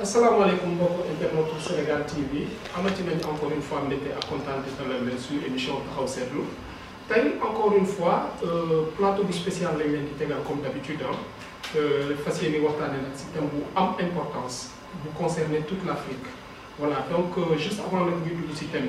Assalamu alaikum tembe Sénégal TV encore une fois émission encore une fois euh, plateau du spécial comme d'habitude hein. euh, facile importance vous concerner toute l'Afrique voilà donc euh, juste avant le début du système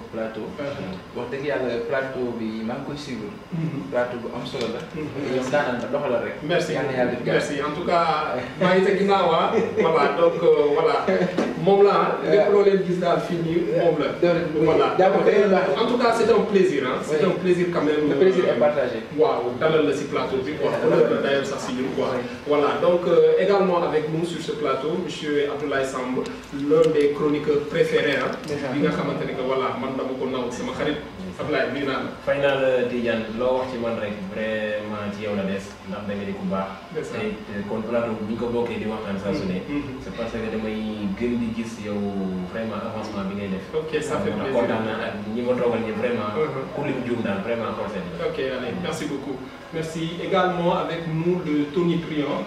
plateau wax dëgg yàlla plateau bi maa ngi koy suivre mhm. plateau bu am solo la mhm. yow daanal na doxal rek merci merci en tout cas maa ngi sa ginnaaw ah. voilà donc euh, voilà moom la ah. euh, lépp loo leen gis daal fii nii moom la voilà euh, en tout cas c'est un plaisir ah c'est un plaisir quand même le plaisir est partagé waaw dalal la si plateau bi quoi wala d'ailleurs sax si ñun quoi voilà donc également avec nous sur ce plateau monsieur Abdoulaye Samb l'un des chroniqueurs préférés ah bi nga xamante ne que voilà man Final ko naw sama xarit Ablaye nuyu naa la fay naa Tidiane loo wax ci man rek vraiment ci yow la des ndax da nga di ku baax te euh, kon plateau bu ñu ko bokkee di waxtaan mm-hmm. Mm-hmm. c'est parce que damay gën di gis yow vraiment avancement bi ngay def ok ça fait plaisir kontaan naa ak ni vraiment mm-hmm. ku lim juum vraiment conseil ok allez merci beaucoup merci également avec nous le Tony Priant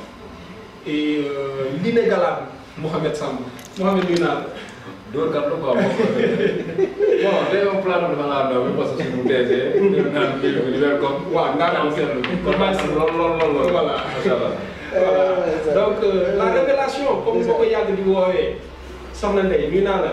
et euh, l'inégalable Mohamed Samb Mohamed nuyu dóor kat lu ko wax bon day am plan dafa laa ndaw bi parce que suñu DG. ñu naan kii bi di leen ko waaw ngaa am seetlu kon maa ngi lool lool lool voilà macha allah. voilà donc la révélation comme boo ko yàgg di woowee soxna Ndeye nuyu naa la.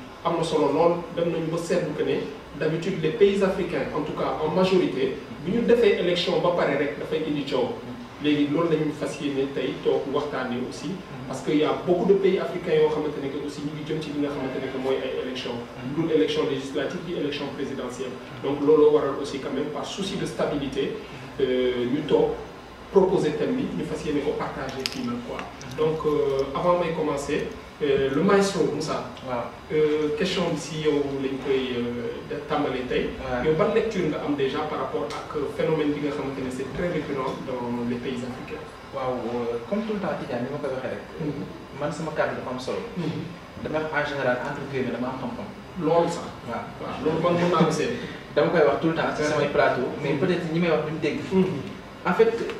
am solo lool dem nañ ba seetlu que ne d'habitude les pays africains en tout cas en majorité bu ñu defee élection ba pare rek dafay indi coow léegi loolu lañu fas yéene tey toog waxtaanee aussi parce que y a beaucoup de pays africains yoo xamante ne que aussi ñu ngi jëm ci li nga xamante ne que mooy ay élection lu mm-hmm. dul élection législative bi élection présidentielle donc looloo waral aussi quand même par souci de stabilité euh, ñu toog proposer tel mythe mais fas yéene ko partagé quoi mhm. donc euh, avant mais commencer euh, le maestro Moussa. Euh, question bi si yow de koy euh, tàmbalee tey. yow lecture nga am déjà par rapport à ak phénomène bi nga xamante c'est très récurrent dans les pays africains. waaw comme tout le temps Tidjane ni ma koy waxee rek. Mhm. man sama kàddu dafa am solo. Mhm. dama en général entre tout dama am xam-xam. loolu sax. waaw waaw loolu man le naa ko koy wax tout le temps sur mes plateaux mais peut-être ñi may wax duñ dégg. en fait.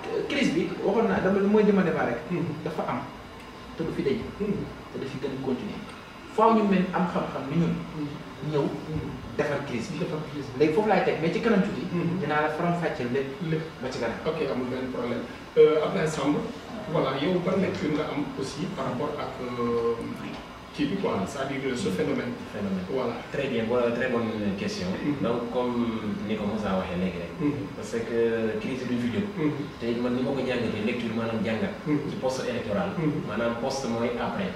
crise bi waxoon naa dama mooy li ma defaa rek. Hmm. dafa am te du fi dañ. Hmm. te fi gën a continuer faaw am xam-xam ni ñun. Hmm. ñëw defar crise bi. defar crise bi foofu laay teg mais ci kanam tuuti. dinaa la faram-fàcceel lépp. lépp ba ci kanam. ok amul benn problème euh, Ablaye Samb voilà yow ban lecture nga am aussi par rapport ak. Euh, ci bi quoi c'est-à-dire ce phénomène. phénomène voilà. très bien voilà très bonne question. Mm-hmm. donc comme ni ko Moussa waxee léegi rek. Mm-hmm. parce que crise du fi jóg. Mm-hmm. te man ni ma ko jàngatee lecture maanaam jàngat. ci poste électoral. maanaam poste mooy après.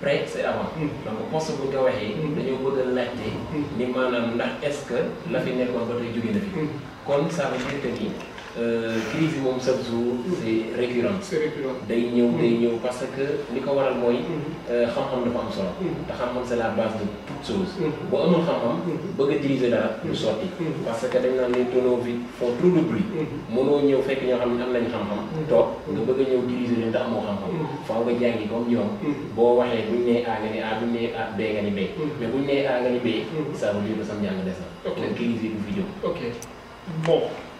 pré c'est avant. donc poste bu nga waxee. dañoo bëgg a laajte. ni maanaam ndax est-ce que la fi nekkoon ba tey jóge na fi. kon ça veut dire nii. crise euh, moom chaque jour c'est récurrent day ñëw day mm-hmm. ñëw parce que liko waral moy mm-hmm. euh, xam-xam dafa am solo mm-hmm. te xam-xam c'est la base de toute chose bo amul xam-xam bëgg diriger dara du sorti parce que dañ naan les tonneaux vides font trop de bruit mënoo ñëw fekk ñoo xam ne am nañ xam-xam tok nga bëgg a diriger leen te xam-xam faaw nga jangi comme ñoom bo waxé buñ né A nga ni A buñ né A B nga ni B mais buñ né A nga ni B ça veut dire que sam njàng des na donc crise du fi jóg ok bon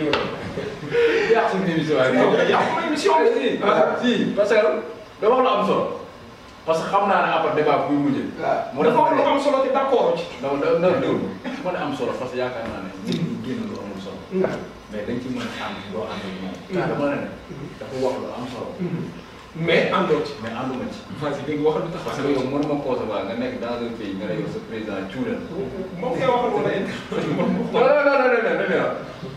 livre yàq suñu émission waaye. yàq suñu émission bi. si parce que dama wax lu am solo. parce que xam naa ne après débat buy mujj. waaw dafa war lu am solo te d'accord ci. non non non su ma ne am solo parce que yaakaar naa ne nit ñi génn lu amul solo. mais dañ ci mën a ànd doo ànd ak moom. dama ne ne dafa wax lu am solo. mais àndoo ci. mais ànduma ci. Fatou Seye léegi waxal lu tax. parce que yow mënuma concevoir nga nekk dans un pays nga ne yow sa président cuural. moom ngay waxal wala. non non non non non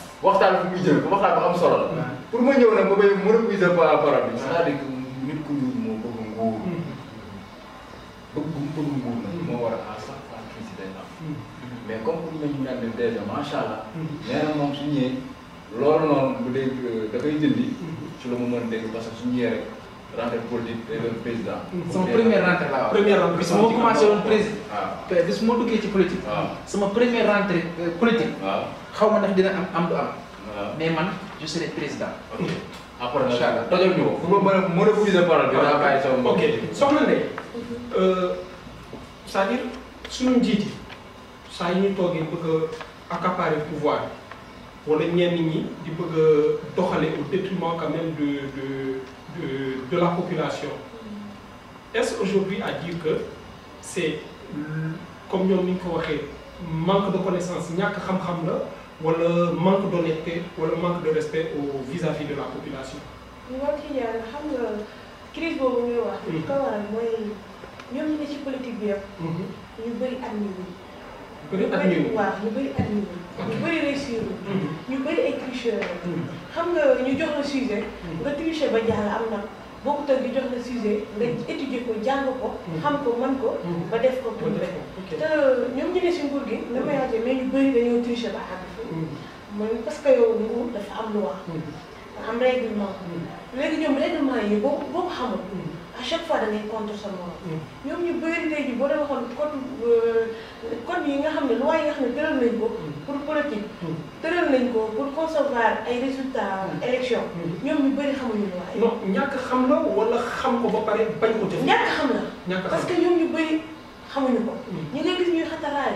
waxtaan bu muy jël waxtaan bu am solo la. pour ma ñëw nag ma bay mën a puiser par parole bi. c'est-à-dire que nit ku ñuul moo bëgg nguur. Mm. bëgg bu mu bëgg nguur nag moo war a à chaque fois crise day am. Mm. mais comme pour ñu mel ni déjà macha allah. Mm. nee na moom su ñëwee loolu noonu bu dee euh, dafay jëndi. ci la mu mën a dégg parce que su ñëwee rentre politique président. sama premier rentrée laa bis moo commencé woon président. bis politique. sama premier rentrée politique. waaw xaw Jadi ndax dina am am du am. mais man je serai président. ok après incha allah tojal ñu ko. fu ma mën a mën a puiser parole bi. daa bàyyi sama mbokk ok soxna Ndeye. c'est-à-dire suñu njiit yi saa yi ñu toogee bëgg a accaparer pouvoir wala quand même de de. de, la population. Est-ce aujourd'hui à dire que c'est, comme nous l'avons dit, manque de connaissances, ou le manque d'honnêteté, ou le manque de respect vis-à-vis de la population crise boobu que wax crise ko waral ñoom ñi ne ci politique bi mhm. ku ne ak ñëw waaw ñu bëri ak ñëw ñu bëri réussir hmm. ñu bëri ay tricheurs hmm. xam nga ñu jox la sujet hmm. nga tricher ba jàll am na bokkut ak ñu jox la sujet nga étudier ko jàng ko xam ko man ko ba def ko pour rek te ñoom ñu ne si nguur gi na mayaate mais ñu bëri dañoo tricher ba àgg fi mooy parce que yow nguur dafa am loi am règlement léegi ñoom règlement yi boo boo ko xamul à chaque fois da ngay contre sa morom. Mm. ñoom ñu bëri tey jii boo demee xam code euh, code yi nga xamné ne loi yi nga xamné ne nañ ko. Mm. pour politique. Mm. tëral nañ ko pour concevoir ay résultats élection. ñom ñu bëri xamuñu loi. non ñak xam la wala xam ko ba paré bañ ko def. ñàkk xam la. parce que ñom ñu bëri xamuñu ko. ñi ngi gis ñuy xatalaay.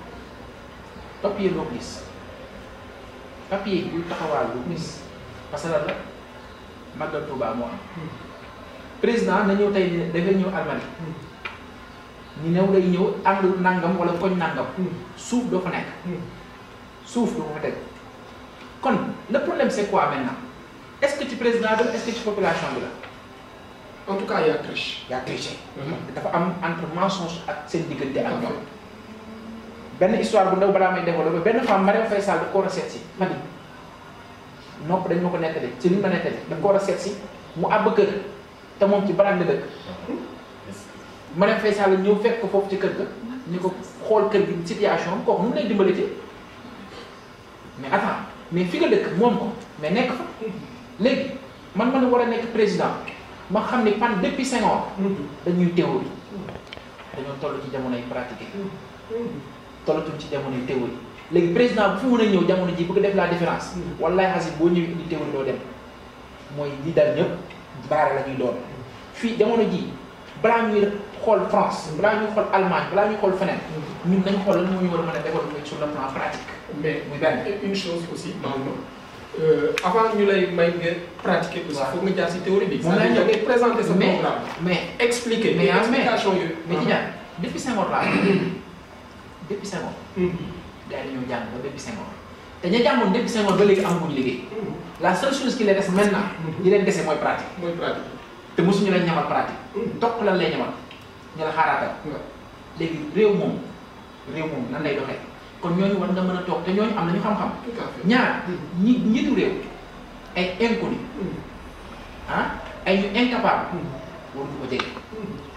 papier boo ko gis papier buy taxawaal boo ko gis parce que lan la màggal Touba moo am président na ñëw tey dafay ñëw Almadies ñu new day ñëw ànd nangam wala koñ nangam suuf doo fa nekk suuf doo ko fa teg kon le problème c'est quoi maintenant est-ce que ci président bi est que ci population bi la en tout cas yaa triché yaa triché mm-hmm. dafa am entre mensonge ak seen diggante ak ñoom benn histoire bu ndaw balaa may développé benn femme Marième Faye Sall daf ko war a seet si ma ni nopp dañ ma ko nettali ci li ma nettali daf ko war a seet si mu àbb kër te moom ci baraan la dëkk Marième Faye Sall ñëw fekk ko foofu ci kër ga ñu ko xool kër gi situation am kooku mu lay dimbali ci mais attends mais fi nga dëkk moom ko mais nekk fa man ma ne war a nekk président ma xam ni pan depuis cinq ans mm-hmm. dañuy théorie dañoo toll ci jamonoy pratiqué tollatuñ ci jamonoy théorie légui président bu fi ñëw jamono ji bëgg def la différence wallahi xasin bo ñëw indi théorie do dem moy li dal ñëpp baara la ñuy doon fi jamono ji balaa ñuy xool France balaa ñuy xool Allemagne balaa ñuy xool fenen ñun nañ xool lan moo ñu war a mën a développer sur le plan pratique mais muy benn une chose aussi euh, avant ñu lay may nga pratiquer aussi faut nga jaar si théorie bi moom laa ngay présenter sa programme mais expliquer mais explication yooyu mais ci jaar depuis Senghor laa depuis Senghor. Hmm. gars yi dañoo jàng ba depuis Senghor te ña jàngoon depuis Senghor ba léegi amaguñ liggéey. Hmm. la seule chose qui les reste maintenant. Hmm. ñi leen dese mooy pratique. mooy pratique te mosuñu leen ñamal pratique. topp lan lay ñamal ñu la xaaraatal. léegi réew moom réew moom nan lay doxee kon ñooñu war nga mën a toog te ñooñu am nañu xam-xam. ñaar ñi réew ay inconnu ah ay ñu incapable waruñu ko jege.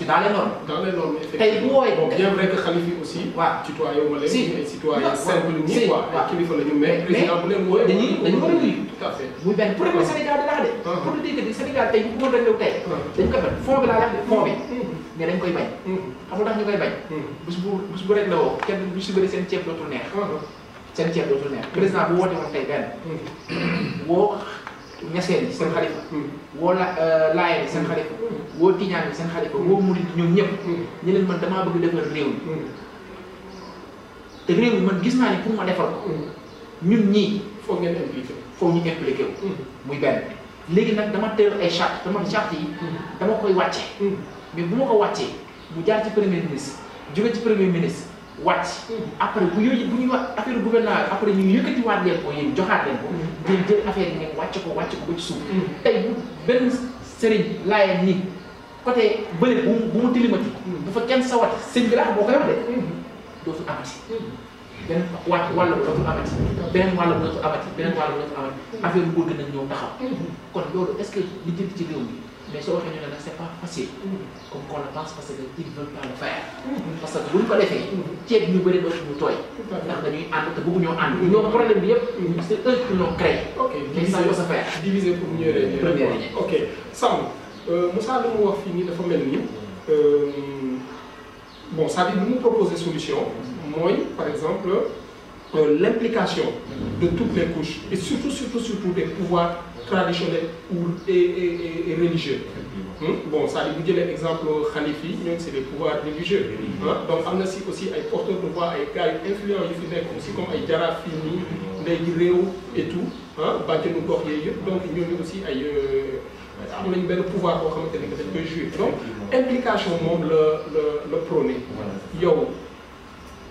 ci dans les normes. dans les normes tey bu wooyee. bon bien vrai que xalif yi aussi. waaw citoyen wala si ay citoyen simple ñu ñii quoi ay kilifa la ñu mais président bu leen wooyee dañuy dañu war a wuyu tout à fait muy benn problème ah. Sénégal dina de ah. politique bi Sénégal tey bu ah. ko doon tey dañ ko bañ fond bi laa wax de fond bi hmm. mais dañ koy bañ hmm. xam nga tax ñu koy bañ hmm. bés bu bés bu rek la woo kenn bu si bëri seen ceeb dootul neex seen ceeb dootul neex président bu woote woon tey benn woo ñaseen mm. mm. euh, bi seen xalifa mm. woo la laayeen bi seen xalifa woo tijaan bi seen xalifa woo mu bi ñoom ñëpp ñu leen man damaa bëgg defar réew mi te réew mi man gis naa ne pour ma defar ko ñi foo foog ngeen impliqué foog ñu impliqué muy benn léegi nag dama teel ay charte dama charte yi dama koy wàcce mais bu ma ko wàccee mu jaar ci premier ministre jóge ci premier ministre wàcc après bu yooyu bu ñuy wax affaire gouvernement après ñu yëkkatiwaat leen ko yéen joxaat leen ko mm. ngeen jël affaire yi ngeen wàcc ko wàcc ko ba ci suuf mm. tey bu benn nii côté bële bu bu mu tilimati bu mm. fa kenn sawat sëñ boo koy wax de dootul amati beneen wàcc wàll bu dootul amati beneen wàll bu dootul amati beneen wàll bu gën a ñëw taxaw kon loolu est-ce que li jënd ci réew mi mais soo waxee ñu a c'est pas facile. Mm. comme qu'on le pense parce que ils ne veulent pas le faire. Mm. parce que buñ ko defee. Mm. ceeb ñu bëri dootuñu tooy. ndax dañuy ànd te bëgguñoo nous ñoom problème bi yëpp. c'est eux qui l'ont créé. ok diviser mais ça faire. diviser pour mieux régner. ok euh, Moussa lu mu wax fii nii dafa mel euh, bon ça veut dire proposer solution. Moi, par exemple euh, l'implication de toutes les couches et surtout surtout surtout des pouvoirs traditionnel ou et, et, et religieux. Mmh? Bon, ça, vous avez l'exemple Khalifi, c'est des pouvoirs religieux. Hein? Donc, on a aussi des porteurs de voix, des gars influents, aussi comme les Jarafini, les Réo et tout, hein? Bakénou Gordier, donc il y a aussi des. Euh, am nañu benn pouvoir boo xamante ne dañ koy jouer donc implication monde le le le prôné Voilà.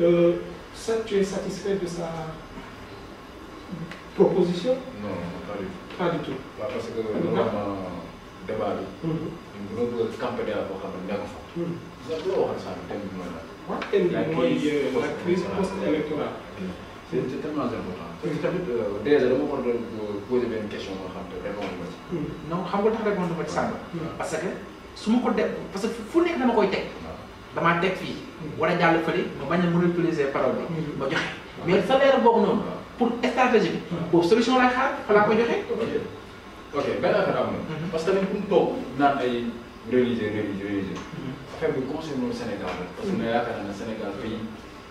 Euh, ça, tu es satisfait de sa proposition Non, pas du tout. Pas du tout. Bah, parce que nous avons un débat. Nous avons dugal campagne la boo xam ne nekk fa. parce que loo waxoon sànq la. crise post-électorale. C'est tellement important. Dès hum. que tamit euh, déjà dama war a poser question boo xam répondre Non, je hum. non xam pas répondre à ci hum. parce que su ma ko def parce que fu nekk je teg fii war a jàll le Je mais vais parole bi les joxe mais salaire pour faire pour stratégie pour solution il faut que je joxe ok benn affaire mhm. parce que ay réaliser mhm. réaliser Sénégal parce que mhm. Sénégal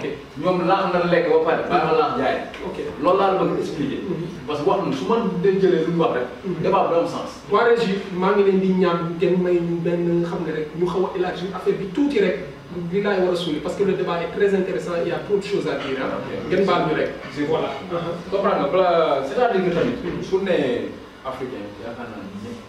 ok ñoom laax na lekk ba baa ma laax jaay ok loolu laa la bëgg expliquer mhm. parce que wax su ma de jëlee lu mu wax rek mhm. débat bi am sens maa ngi leen di ñaan ngeen may ñu benn xam nga rek ñu xaw a élargir bi tuuti rek li laay war a suuli parce que le débat est très intéressant il y a trop de choses à dire ah ngeen baal ñu rek voilà uh-huh. comprendre nga balaa c'est-à-dire que tamit su ne africain yaakaar naa ñëpp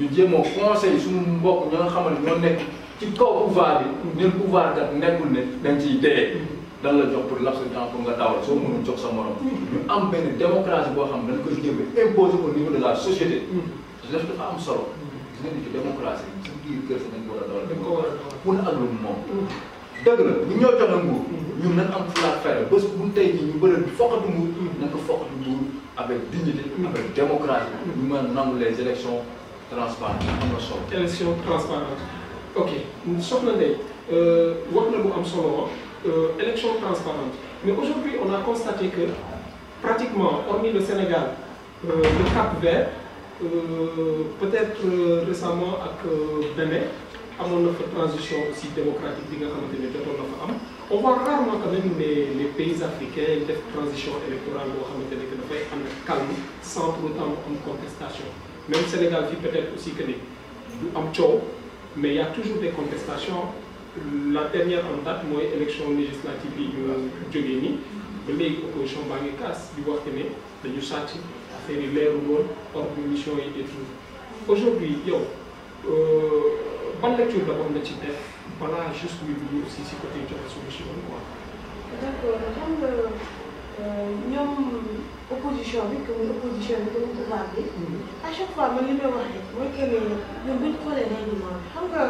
ñu jéem a conseil suñu mbokk ñoo nga xamal ñoo nekk ci kaw pouvoir bi ñun pouvoir kat ne dañ ciy dee dan la jox pour laps de temps pour nga dawal boo xam ne dañ koy jéem la société def dafa am solo gis nga ni ci biir kër sa dañ ko war a dawal dañ ko war a dawal mun a ak lu moom dëgg la ñu ñoo joxe nguur ñun nañ am fula fere bés bu tey jii ñu bëri foqatu nguur nañ ko foqatu nguur avec dignité avec démocratie ñu mën a nangu les transparent élection transparente ok euh, euh, élection transparente mais aujourd'hui on a constaté que pratiquement hormis le Sénégal euh, le Cap Vert peut-être récemment avec Bénin a na une transition aussi démocratique on voit rarement quand même les pays africains en transition électorale calme sans pour autant une contestation même Sénégal fii peut-être aussi que ni du am mais il y a toujours des contestations la dernière en date moi, élection législative yi a jógee nii ba léegi opposition baa ngi kaas di wax que ne dañu sàcc affaire les leerul woon or mission yi et tout aujourd'hui yo, euh, ban lecture la war na voilà, juste ñu dugg aussi si côté joxe solution quoi. d'accord euh, Euh, ñoom opposition bi que muy opposition bi que muy pouvoir bi mm-hmm. à chaque fois man li may wax rek mooy que ne ñoom buñ xoolee day ñu moom xam nga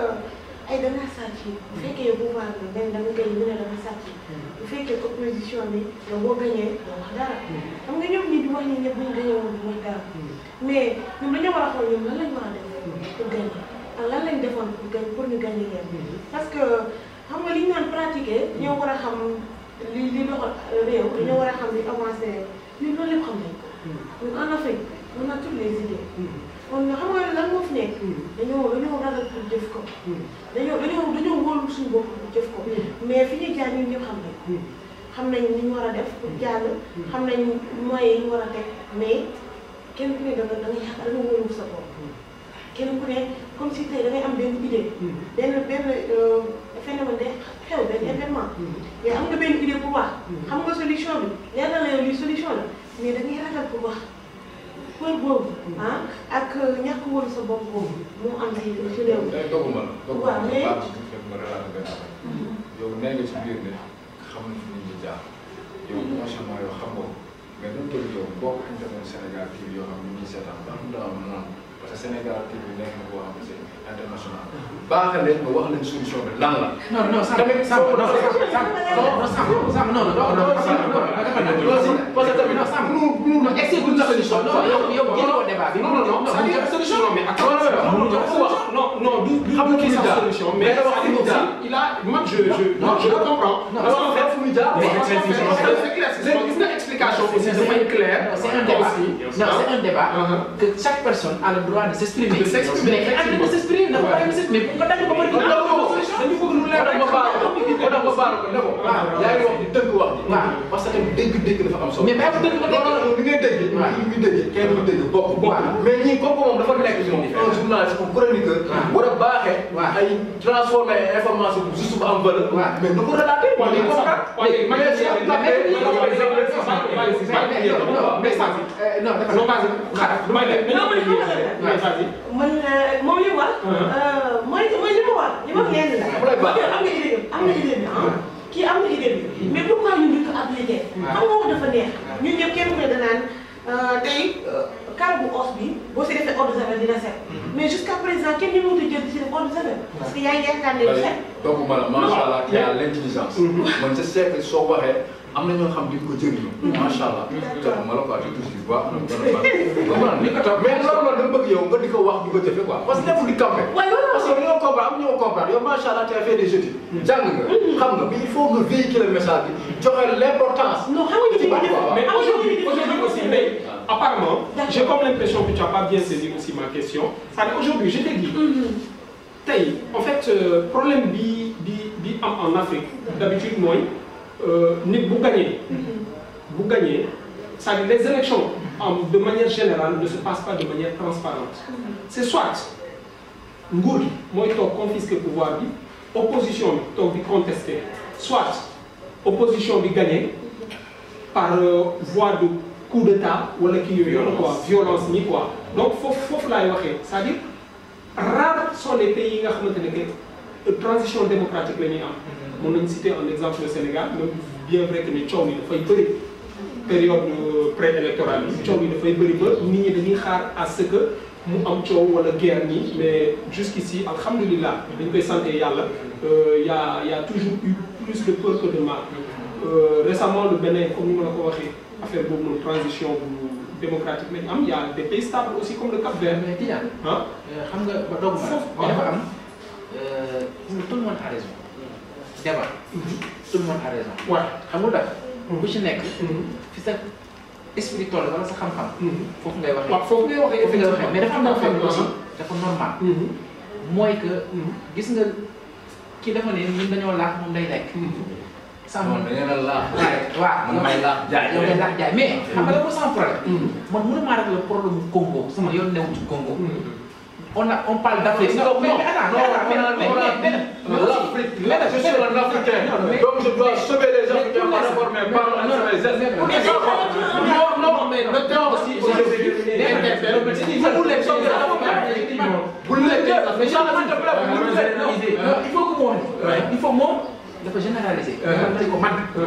ay danga sàcc bu fekkee pouvoir bi benn danga gañ ñu ne danga sàcc mm-hmm. bu fekkee opposition bi yow boo gañee doo wax dara mm-hmm. xam nga ñoom ñi di wax ñi ñëpp buñ gañee woon bu wax dara mais ñun dañoo war a xool ñoom lan lañ war a def pour gañ ak lan lañ defoon pour gañ pour ñu gañ leen parce que xam nga li ñu naan pratiquer ñoo war a xam li li doxal réew dañoo war a xam ni avancé ñun loolu lépp xam nañ ko. ñun en na toutes les idées. kon nga xam nga lan moo fi nekk. dañoo dañoo ragal pour ko. dañoo dañoo dañoo wóolu suñu bopp pour jëf ko. mais fi ñuy jaar ñun xam nañ ko. xam nañ ni war a def pour jàll. xam nañ moyens yi ñu war a teg mais kenn ku ne da nga da nga sa kenn ku ne comme si tey da ngay am benn idée. Hmm. benn benn euh, phénomène de. xew benn événement mais am nga benn idée bu baax xam nga solution bi leer na la yow lii solution la mais da ngay ragal bu baax peur boobu ah ak ñàkk woon sa bopp boobu mu am ci ci réew mi eh, doguma waaw mais yow nee nga ci biir ne xam na fi nit ñi jaar yow franchement yow xam nga mais nu tëdd yow boo ko internet Sénégal TV yoo xam ne ñu ngi seetaan ba xam daa am noonu parce que Sénégal TV nekk na boo international baaxal leen nga wax leen solution bi lan la. non non sànq sànq non sànq non parce que tamit non sànq bu ñu expliqué la solution. yow yow génnoo débat bi. non non non solution bi ak. non non non du xam nga solution mais. là, moi je, je, non, comprends. c'est une explication C'est un débat. Non, c'est un débat uh-huh. que chaque personne a le droit de s'exprimer. Mais pourquoi ne nee na ma baal ko ma ma baal ko ne ko. yaa ngi wax di dëgg wax ji. parce que dégg-dégg dafa am solo. mais même dëgg non li ngay dégg. waaw li muy dégg kenn du dégg bokk. mais ñii kooku moom dafa nekk si moom. un journaliste un chroniqueur. war a baaxee. ay transformé information bu juste bu am valeur. mais du ko relater. waaw mais mais mais mais mais man euh, moom li mu wax. Uh-huh. Euh, mooy mooy li mu wax li ma leen la. am nga idée am nga idée bi ah. uh-huh. kii am nga idée bi mais pourquoi ñu ñu ko appliqué. Uh-huh. xam nga wax dafa neex. ñun ñëpp kenn ku ne danaan euh, tey kàr bu os bi boo si defee eau de javel dina set. mais jusqu'à présent kenn ñu mënut a jël ci def eau de javel. parce que yaa ngi yaakaar ne du set. donc maanaam macha allah y a l'intelligence. man sa cercle soo waxee. amna ñoo xam ne dañ ko jëriñoo. macha allah jox ma la quoi je touche du bois. ni ko tax mais loolu la dama bëgg yow nga di ko wax di ko quoi. parce que nekkul di campé. parce que ñoo comprendre am ñoo comprendre yow macha allah tu as fait des jetés. Mm. jang nga mm. xam nga mais il faut nga véhiculer message bi joxe l'importance non xam nga ci mais aujourd'hui aujourd'hui aussi mais apparemment. j'ai comme l'impression que tu as pas bien saisi aussi ma question. Ça, aujourd'hui je t'ai dit. Mm-hmm. tay en fait euh, problème bi bi bi am en Afrique d'habitude moi euh, nit bu mhm. cest les élections de manière générale ne se passent pas de manière transparente. Mhm. c'est soit nguur gi mooy confisque le pouvoir l'opposition opposition bi soit opposition bi gagné par euh, voie de coup d'état ou la violence ni quoi donc faut faut la c'est-à-dire rares sont les pays qui ont euh, transition démocratique mon nañu cité un exemple le Sénégal même bien vrai que nous coow yi dafay bëri période euh, préélectorale yi coow yi dafay bëri ba nit dañuy xaar à ce que nous am la wala guerre ni mais jusqu'ici alhamdulilah dañ koy santé il euh, y a y a toujours eu plus de peur que de mal euh, récemment le Bénin comme nous ma la ko waxee affaire de transition démocratique mais am y a des pays stables aussi comme le Cap-Vert. mais Tidjane. ah hein? xam nga ba doog ma. foofu tout le monde a raison. jabar tout le monde a raison. waaw xam nga lu ku ci nekk. fi sa esprit toll wala sa xam-xam. foofu ngay waxee. waaw foofu ngay waxee foofu ngay waxee mais dafa am loo xam ne aussi nga kii laax moom day lekk. sàmm moom a laax. waaw xam nga la ko sans problème. man mënumaa rek le problème mu Congo sama yoon newul ci on, parle d'Afrique. Non, non, non, non, je suis un Africain, donc je dois sauver les Africains par non, non, non, Non, non, non mais non non, non, non, les non, non, non, Il faut que moi, il faut non, non, non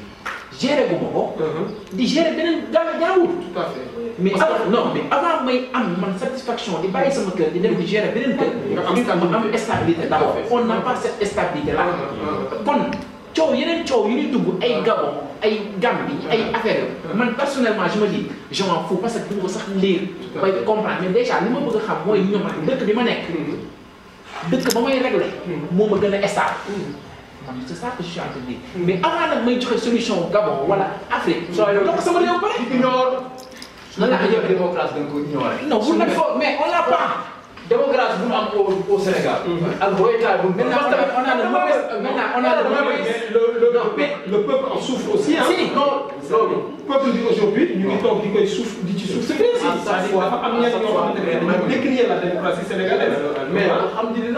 gérer bu ma ko. Mhm. di gérer benen gal jaawul. tout à fait mais non mais avant may am man satisfaction di baye sama kër di dem di gérer benen kër. nga am am stabilité d'abord abord on n'a pas cette stabilité là. Mhm, mhm. kon coow yenen coow yu ñuy dugg ay gabo ay gambi ay affaire yooyu. man personnellement je me dis je m'en fous parce que pour ma ko sax lire. bay comprendre mais déjà li ma bëgg a xam mooy ñoom ak dëkk bi ma nekk. dëkk ba may réglé. moo ma stable c'est ça que je suis en train de dire mais avant solution Gabon voilà, Afrique. donc non non mais on n'a pas. démocratie au Sénégal. Mhm. on a maintenant on a le le peuple en souffre aussi hein. peuple dit aujourd'hui nous souffre ça c'est la démocratie sénégalaise.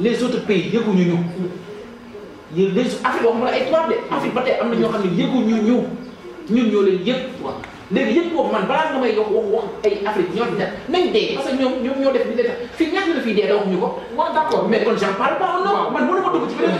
les autres pays yëguñu ñu. yéen les Afrique waxuma la ay tubaab de Afrique ba tey am na ñoo xam ne yëguñu ñu ñun ñu leen yëg waaw léegi yëpp boobu man balaa nga may wax wax wax ñoo di def nañ dee parce que ñoom ñoom ñoo def li leen tax fii ñaata la fiy dee da wax ñu ko. waaw d' accord mais kon j'en parle pas non man mënu ma dugg ci beneen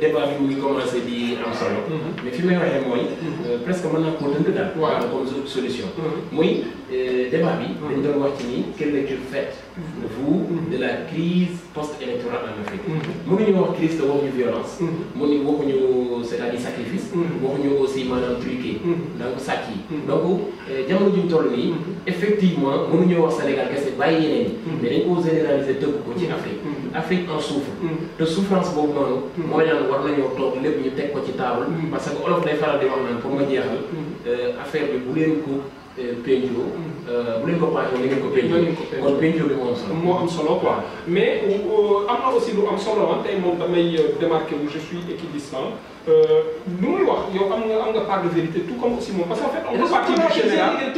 débat bi mu ngi commencé di am solo. Mhm. mais fi may mhm. euh, presque solution. Mhm. Euh, débat wax ni quelle de vous de la crise post-électorale en Afrique. mënuñu wax crise te violence. cest à sacrifice. aussi donc donc effectivement wax Sénégal c'est bàyyi yeneen. mais généraliser Afrique. Afrique en souffre de mm. souffrance boobu mm. Moi, war lépp ñu ko table mm. parce que olof day pour me dire, euh, affaire mais aussi hein. euh, je suis équidistant euh, de vérité tout comme aussi parce qu'en fait on peut partir du général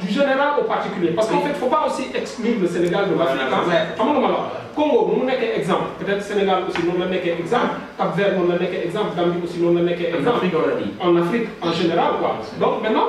du général au particulier parce fait il ne faut pas aussi exclure le Sénégal de l'Afrique hein. Congo exemple peut être Sénégal aussi nous la exemple Cap Vert exemple Gambie aussi exemple en Afrique en général donc maintenant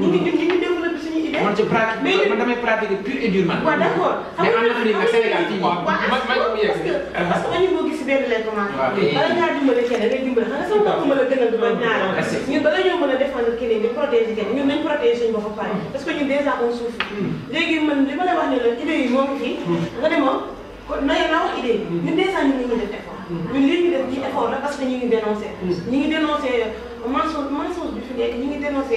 ñu ngi ñu ngi développé suñuy idée. man ci pratique mais man damay pratiquer pur et durement. waaw d'accord xam nga mais am na fi nga Sénégal fii waaw parce que parce que añu boo gis benn lekk man. waaw te bala ngaa dimbale kenn ngay dimbale xam nga sama bopp mën a gën a dugal ñaareel. merci ñun bala ñoo mën a défendre keneen ñu protéger kenn ñun nañ protéger suñu bopp pare. Mm. parce que ñun déjà on souffre. Mm. léegi man li ma la wax ne la idée yi moom fii. Mm. nga demoon. kon nooy la wax idée bi. ñun dèjà ñun ñu ngi def effort. ñun li ñu def ci effort la parce que ñu ngi dénoncé. ñu ngi dénoncé euh, mensonge mensonge bi fi nekk ñu ngi dénoncé.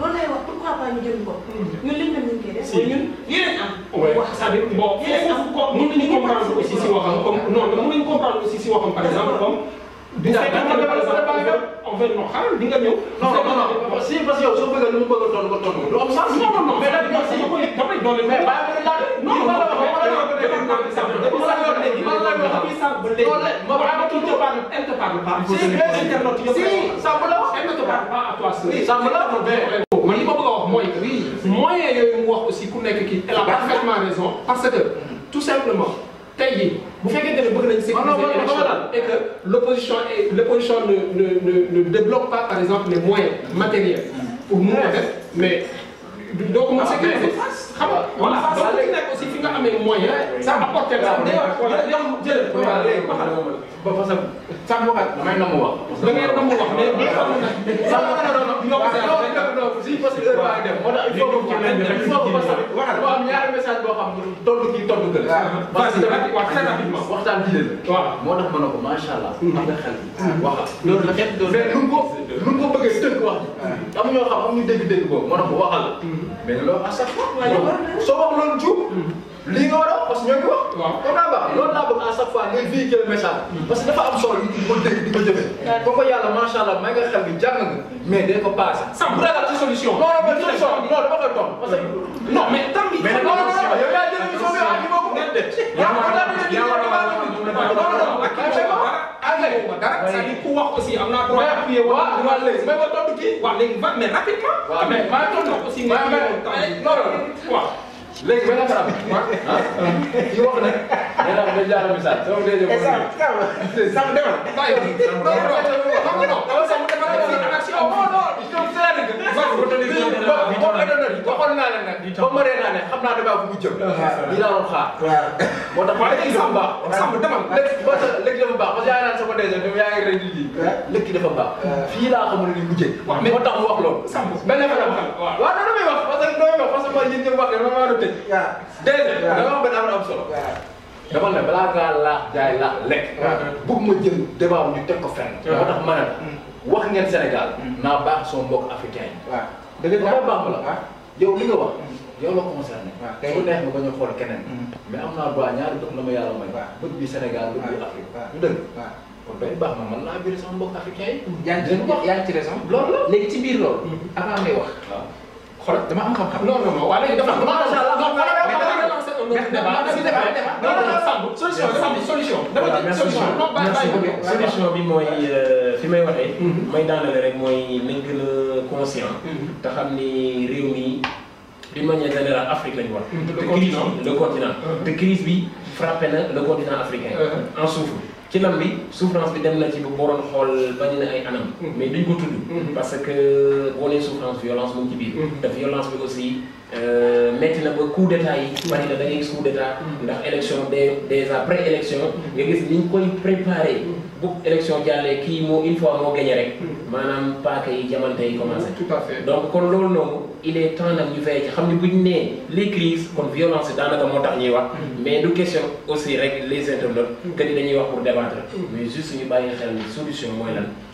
loolu lay wax pourquoi pas ñu jël ko. ñun liñ dem ñu ngi koy def. ñun yéen am. wax c'est-à-dire bon foofu mën nañu comprendre aussi si waxam comme non mën nañu comprendre aussi si waxam par exemple comme. di nga xam ne par exemple on fait non xaaral di nga ñëw. non non non si parce que yow soo bëggee lu mu bëgg a doon nga tontu lu am sens. non non non mais dañu si damay doole mais bàyyi ko laaj. non non non non non non non non Euh, moi, y moyen eu mu wax aussi pour nekk qui elle a parfaitement raison parce que tout simplement tey Vous faites des ne bëgg nañ ah et que l'opposition et l'opposition ne ne ne débloque pas par exemple les moyens matériels pour nous, mais donc ah, mais donc ko mën xam nga voilà parce que nekk aussi fi nga amee moyen. sa apporté la yow yow jërëjëf. waaw léegi ba xam ba fa sa. sàmm wax damay namm wax. da ngay namm wax mais bu xam ne. sàmm wax dëgg la ñoo ko def si parce que heure baa def moo tax il faut que il faut que ba sax waaw am ñaari message boo xam ne tontu kii tontu gën. waaw parce que wax très rapidement waxtaan ji la. waaw moo tax ma ne ko macha allah. am na xel hmm. waxa loolu la xeet doon mais lu ko lu ko bëggee tënk wax. Hmm. am ñoo xam am ñu dégg-dégg boobu moo tax waxal hmm. mais loolu à chaque fois. soo wax loolu jub. lii nga war a wax parce que ñoo ngi wax. waaw comme daa baax loolu laa bëgg à chaque fois ngay véhiculer message. Mm. parce que dafa am solo ñu ko dégg di ko jëfee. comme que yàlla macha allah may nga xel bi jàng nga mais day ko passé. sàmm bu ragal ci solution. non non mais solution non dama koy toog parce que. non mais tam bi. mais non non non yow yaa jël émission bi ak ko. yaa ku wax aussi am naa droit appuyer waa waa léegi mais ma tontu kii. waa léegi mais rapidement. mais maa ngi tontu aussi. mais mais non non waaw. léegi ba nga ko am ah ñu wax nag nee naa ma jaara misaal sama déedéet ko nii. sàmm demal. bàyyi ko waxoon naa leen nag. ba naa ne xam naa damaa fu mu jëm. waaw lii laa doon xaar. moo tax waaye léegi dafa baax. waaw demal léegi dafa baax parce que yaa naan sama dèjà ñoom yaa ni mujjee. waaw moo tax mu wax loolu. sàmm benn benn waaw waaw damay wax parce que damay wax parce que man yéen ñëpp wax dama war a tëj. waaw dèjà dama wax benn am na am ma jël débat ñu teg moo tax ma wax ngeen Sénégal. naa baax son mbokk africain yi. waaw dëgg la baax la yow li nga wax. yow la concerné. waaw kay su neex nga bañ a xool keneen. Mm. mais am naa droit ñaari bët la ma yàlla may. waaw bët bi Sénégal bët bi Afrique. waaw dëgg kon day baax na man laa biir sama mbokk africain yi. yaa ngi ci yaa ngi ci raison. loolu la léegi ci biir loolu. Mm-hmm. avant ngay wax. waaw xool dama am xam-xam. loolu la ma wax waaye léegi dafa am. macha allah Merci solution solution solution solution conscient Afrique le continent crise le continent africain en souffre souffrance mais parce que mm-hmm. la souffrance violence violence mais aussi euh, métti na ba coup d'état yi bari na da ngay coup d'état ndax élection des déjà après élection nga gis ni ñu koy préparé bu élection jàllee kii moo une fois moo gagner, rek maanaam paaka yi jamante yi commencé tout à fait donc kon loolu noonu il est temps nag ñu fay ci xam ne bu les crises kon violence daanaka moo tax ñuy wax mais nous question aussi rek les internautes que ni dañuy wax pour débattre mm. mais juste ñu bàyyi xel ni solution mooy lan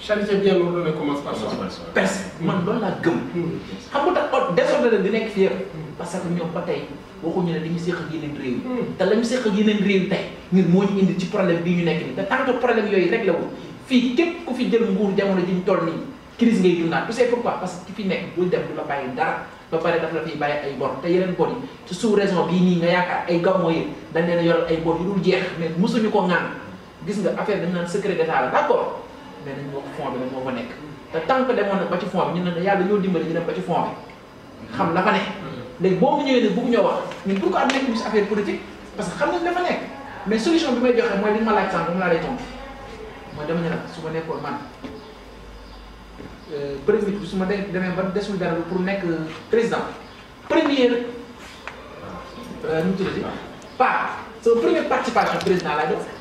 charité bien loolu la commence par soi. man loolu laa gëm. Hmm. xam nga tax oh, désordre di nekk fi yëpp. parce que ñoom ba tey waxuñu ne dañu séq ak yeneen réew yi. Hmm. te la ñu séq ak yeneen réew tey ñun moo ñu indi ci problème bi ñu nekk nii te tant que problème yooyu réglé wu fii képp ku fi jël nguur jamono ji ñu toll nii crise ngay dundaat tu sais pourquoi parce ki fi nekk bul dem du la bàyyi dara ba pare daf la fiy bàyyi ay bor te yeneen bor yi ci sous raison bii nii nga yaakaar ay gàmmoo yi dañ leen a yoral ay bor jeex mais mosuñu gis nga affaire dañ naan secret d'état la mais dañu wax fond bi nag moo fa nekk te tant que demoon na ba ci fond bi ñu ne yàlla ñoo dimbali ñu dem ba ci fond bi xam la fa ne léegi boo ñëwee ne bëgg ñoo wax ñun pourquoi am nekk bis affaire politique parce que xam nañ dafa nekk mais solution may joxe mooy li ma laaj sànq moom laa lay tontu mooy dama ñu su ma nekkoon man euh, premier bi su ma de demee ba desul dara pour nekk président première euh, nu mu tuddati part sama première participation président laa def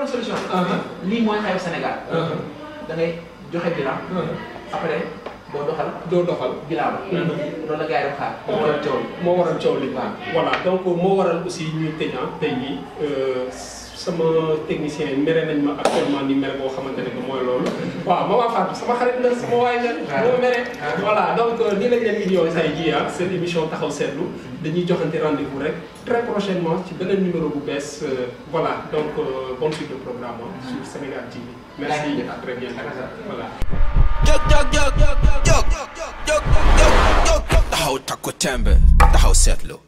la solution. Uh-huh. lii mooy xew Sénégal. Uh-huh. da ngay joxe bilan. Uh-huh. après doo doxal. doo doxal bilan ba. loolu la moo waral coow li moo waral coow moo waral aussi ñuy tëj ah, tey euh, sama technicien yi mere nañ ma actuellement ni mere boo xamante ne que mooy loolu waaw Mama Fatou sama xarit la sama waay la moo mere voilà donc lii lañ leen indiwoon say ji ah seen émission taxaw seetlu dañuy joxante rendez-vous rek très prochainement ci beneen numéro bu bees voilà donc bonne suite de programme sur Sénégal TV merci à très bientôt voilà jóg jóg jóg jóg jóg jóg jóg jóg taxaw takku tembe taxaw seetlu